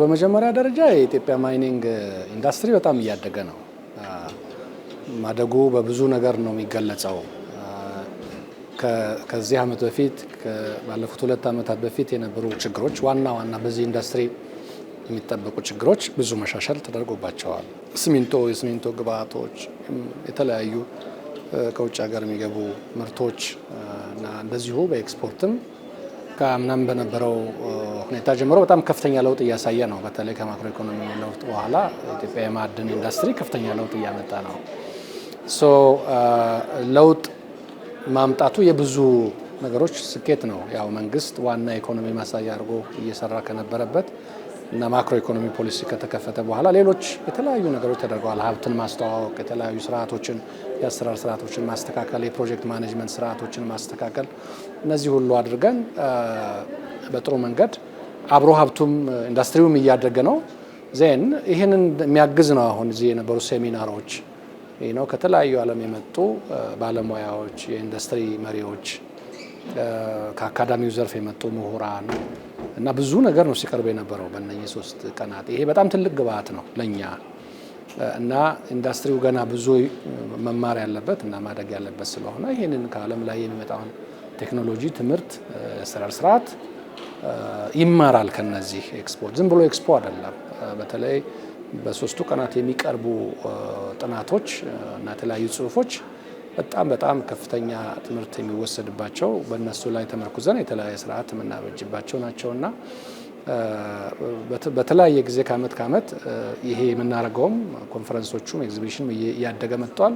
በመጀመሪያ ደረጃ የኢትዮጵያ ማይኒንግ ኢንዱስትሪ በጣም እያደገ ነው። ማደጉ በብዙ ነገር ነው የሚገለጸው። ከዚህ ዓመት በፊት ባለፉት ሁለት ዓመታት በፊት የነበሩ ችግሮች ዋና ዋና በዚህ ኢንዱስትሪ የሚጠበቁ ችግሮች ብዙ መሻሻል ተደርጎባቸዋል። ሲሚንቶ፣ የሲሚንቶ ግብአቶች፣ የተለያዩ ከውጭ ሀገር የሚገቡ ምርቶች እና እንደዚሁ በኤክስፖርትም ከምናምን በነበረው ሁኔታ ጀምሮ በጣም ከፍተኛ ለውጥ እያሳየ ነው። በተለይ ከማክሮ ኢኮኖሚ ለውጥ በኋላ ኢትዮጵያ የማዕድን ኢንዱስትሪ ከፍተኛ ለውጥ እያመጣ ነው። ሶ ለውጥ ማምጣቱ የብዙ ነገሮች ስኬት ነው። ያው መንግስት ዋና ኢኮኖሚ ማሳያ አድርጎ እየሰራ ከነበረበት እና ማክሮ ኢኮኖሚ ፖሊሲ ከተከፈተ በኋላ ሌሎች የተለያዩ ነገሮች ተደርገዋል። ሀብትን ማስተዋወቅ፣ የተለያዩ ስርዓቶችን የአሰራር ስርዓቶችን ማስተካከል፣ የፕሮጀክት ማኔጅመንት ስርዓቶችን ማስተካከል፣ እነዚህ ሁሉ አድርገን በጥሩ መንገድ አብሮ ሀብቱም ኢንዱስትሪውም እያደገ ነው። ዜን ይህንን የሚያግዝ ነው። አሁን እዚህ የነበሩ ሴሚናሮች ነው ከተለያዩ ዓለም የመጡ ባለሙያዎች፣ የኢንዱስትሪ መሪዎች ከአካዳሚው ዘርፍ የመጡ ምሁራን እና ብዙ ነገር ነው ሲቀርብ የነበረው በእነኚህ ሶስት ቀናት። ይሄ በጣም ትልቅ ግብአት ነው ለእኛ እና ኢንዱስትሪው ገና ብዙ መማር ያለበት እና ማደግ ያለበት ስለሆነ ይህንን ከዓለም ላይ የሚመጣውን ቴክኖሎጂ ትምህርት፣ የአሰራር ስርዓት ይማራል ከነዚህ ኤክስፖ። ዝም ብሎ ኤክስፖ አይደለም። በተለይ በሶስቱ ቀናት የሚቀርቡ ጥናቶች እና የተለያዩ ጽሁፎች በጣም በጣም ከፍተኛ ትምህርት የሚወሰድባቸው በእነሱ ላይ ተመርኩዘን የተለያየ ስርዓት የምናበጅባቸው ናቸውና በተለያየ ጊዜ ከአመት ከአመት ይሄ የምናደርገውም ኮንፈረንሶቹም ኤግዚቢሽንም እያደገ መጥቷል።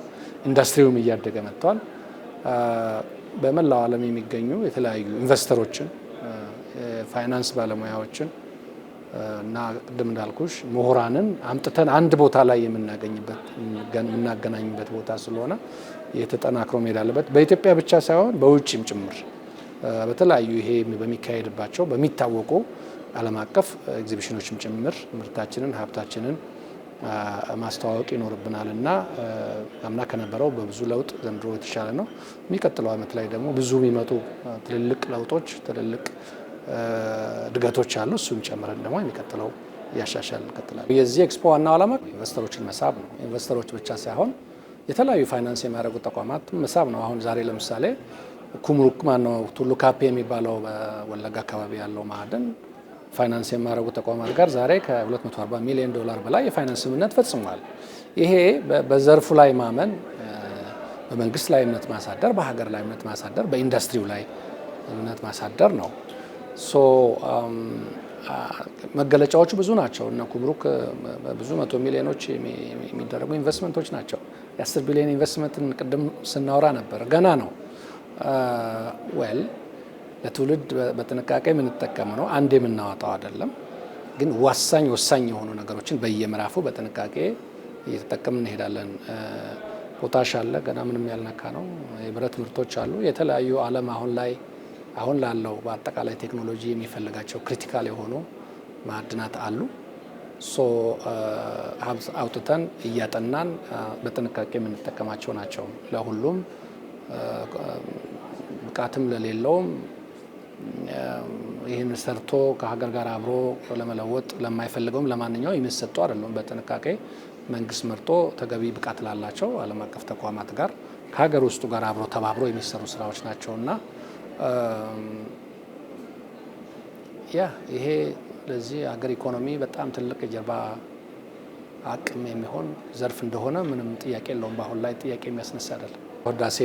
ኢንዱስትሪውም እያደገ መጥቷል። በመላው ዓለም የሚገኙ የተለያዩ ኢንቨስተሮችን፣ ፋይናንስ ባለሙያዎችን እና ቅድም እንዳልኩሽ ምሁራንን አምጥተን አንድ ቦታ ላይ የምናገኝበት የምናገናኝበት ቦታ ስለሆነ የተጠናክሮ መሄድ አለበት። በኢትዮጵያ ብቻ ሳይሆን በውጭም ጭምር በተለያዩ ይሄ በሚካሄድባቸው በሚታወቁ ዓለም አቀፍ ኤግዚቢሽኖችም ጭምር ምርታችንን ሀብታችንን ማስተዋወቅ ይኖርብናል እና አምና ከነበረው በብዙ ለውጥ ዘንድሮ የተሻለ ነው። የሚቀጥለው ዓመት ላይ ደግሞ ብዙ የሚመጡ ትልልቅ ለውጦች፣ ትልልቅ እድገቶች አሉ። እሱን ጨምረን ደግሞ የሚቀጥለው እያሻሻል እንቀጥላለን። የዚህ ኤክስፖ ዋናው ዓላማ ኢንቨስተሮችን መሳብ ነው። ኢንቨስተሮች ብቻ ሳይሆን የተለያዩ ፋይናንስ የሚያደርጉ ተቋማት መሳብ ነው። አሁን ዛሬ ለምሳሌ ኩምሩክ ማነው ቱሉ ካፔ የሚባለው በወለጋ አካባቢ ያለው ማዕድን ፋይናንስ የሚያደርጉ ተቋማት ጋር ዛሬ ከ240 ሚሊዮን ዶላር በላይ የፋይናንስ ስምምነት ፈጽሟል። ይሄ በዘርፉ ላይ ማመን፣ በመንግስት ላይ እምነት ማሳደር፣ በሀገር ላይ እምነት ማሳደር፣ በኢንዱስትሪው ላይ እምነት ማሳደር ነው። መገለጫዎቹ ብዙ ናቸው። እነ ኩምሩክ ብዙ መቶ ሚሊዮኖች የሚደረጉ ኢንቨስትመንቶች ናቸው። የአስር ቢሊዮን ኢንቨስትመንትን ቅድም ስናወራ ነበር። ገና ነው። ወል ለትውልድ በጥንቃቄ የምንጠቀም ነው። አንድ የምናወጣው አይደለም። ግን ወሳኝ ወሳኝ የሆኑ ነገሮችን በየምዕራፉ በጥንቃቄ እየተጠቀምን እንሄዳለን። ፖታሽ አለ፣ ገና ምንም ያልነካ ነው። የብረት ምርቶች አሉ። የተለያዩ ዓለም አሁን ላይ አሁን ላለው በአጠቃላይ ቴክኖሎጂ የሚፈልጋቸው ክሪቲካል የሆኑ ማዕድናት አሉ። ሶ አውጥተን እያጠናን በጥንቃቄ የምንጠቀማቸው ናቸው። ለሁሉም ብቃትም ለሌለውም ይህን ሰርቶ ከሀገር ጋር አብሮ ለመለወጥ ለማይፈልገውም ለማንኛው የሚሰጡ አይደለም። በጥንቃቄ መንግስት መርጦ ተገቢ ብቃት ላላቸው ዓለም አቀፍ ተቋማት ጋር ከሀገር ውስጡ ጋር አብሮ ተባብሮ የሚሰሩ ስራዎች ናቸውና ያ ይሄ ለዚህ ሀገር ኢኮኖሚ በጣም ትልቅ የጀርባ አቅም የሚሆን ዘርፍ እንደሆነ ምንም ጥያቄ የለውም። በአሁን ላይ ጥያቄ የሚያስነሳ አይደለም። ህዳሴ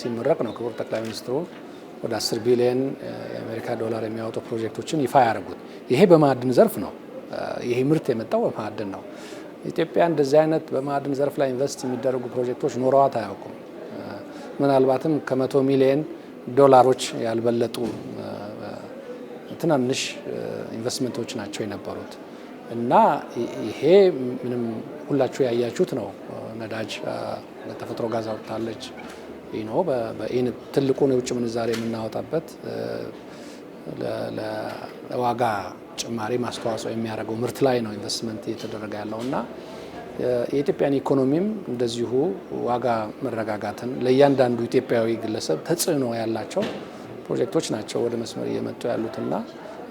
ሲመረቅ ነው ክቡር ጠቅላይ ሚኒስትሩ ወደ 10 ቢሊዮን የአሜሪካ ዶላር የሚያወጡ ፕሮጀክቶችን ይፋ ያደርጉት። ይሄ በማዕድን ዘርፍ ነው። ይሄ ምርት የመጣው በማዕድን ነው። ኢትዮጵያ እንደዚህ አይነት በማዕድን ዘርፍ ላይ ኢንቨስት የሚደረጉ ፕሮጀክቶች ኖረዋት አያውቁም። ምናልባትም ከመቶ ሚሊየን ዶላሮች ያልበለጡ ትናንሽ ኢንቨስትመንቶች ናቸው የነበሩት እና ይሄ ምንም ሁላችሁ ያያችሁት ነው። ነዳጅ ተፈጥሮ ጋዝ አውጥታለች። ይኖ ትልቁን የውጭ ምንዛሬ የምናወጣበት ለዋጋ ጭማሪ ማስተዋጽኦ የሚያደርገው ምርት ላይ ነው ኢንቨስትመንት እየተደረገ ያለው እና የኢትዮጵያን ኢኮኖሚም እንደዚሁ ዋጋ መረጋጋትን ለእያንዳንዱ ኢትዮጵያዊ ግለሰብ ተጽዕኖ ያላቸው ፕሮጀክቶች ናቸው ወደ መስመር እየመጡ ያሉትና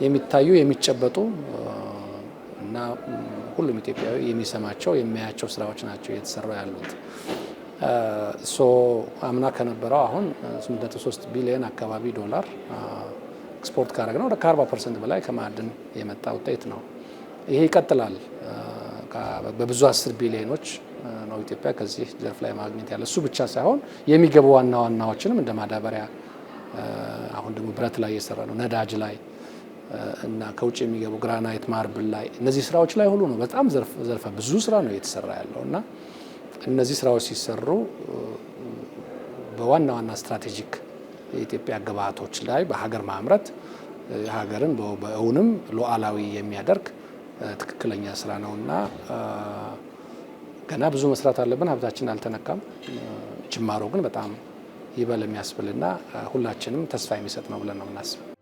የሚታዩ የሚጨበጡ እና ሁሉም ኢትዮጵያዊ የሚሰማቸው የሚያያቸው ስራዎች ናቸው እየተሰሩ ያሉት። ሶ አምና ከነበረው አሁን 83 ቢሊዮን አካባቢ ዶላር ኤክስፖርት ካደረግ ነው ከ40 ፐርሰንት በላይ ከማዕድን የመጣ ውጤት ነው። ይሄ ይቀጥላል። በብዙ አስር ቢሊዮኖች ነው ኢትዮጵያ ከዚህ ዘርፍ ላይ ማግኘት ያለ። እሱ ብቻ ሳይሆን የሚገቡ ዋና ዋናዎችንም እንደ ማዳበሪያ፣ አሁን ደግሞ ብረት ላይ እየሰራ ነው፣ ነዳጅ ላይ እና ከውጭ የሚገቡ ግራናይት፣ ማርብል ላይ እነዚህ ስራዎች ላይ ሁሉ ነው። በጣም ዘርፈ ብዙ ስራ ነው እየተሰራ ያለው እና እነዚህ ስራዎች ሲሰሩ በዋና ዋና ስትራቴጂክ የኢትዮጵያ ግብዓቶች ላይ በሀገር ማምረት ሀገርን በእውንም ሉዓላዊ የሚያደርግ ትክክለኛ ስራ ነው እና ገና ብዙ መስራት አለብን። ሀብታችን አልተነካም። ጅማሮ ግን በጣም ይበል የሚያስብልና ሁላችንም ተስፋ የሚሰጥ ነው ብለን ነው የምናስበው።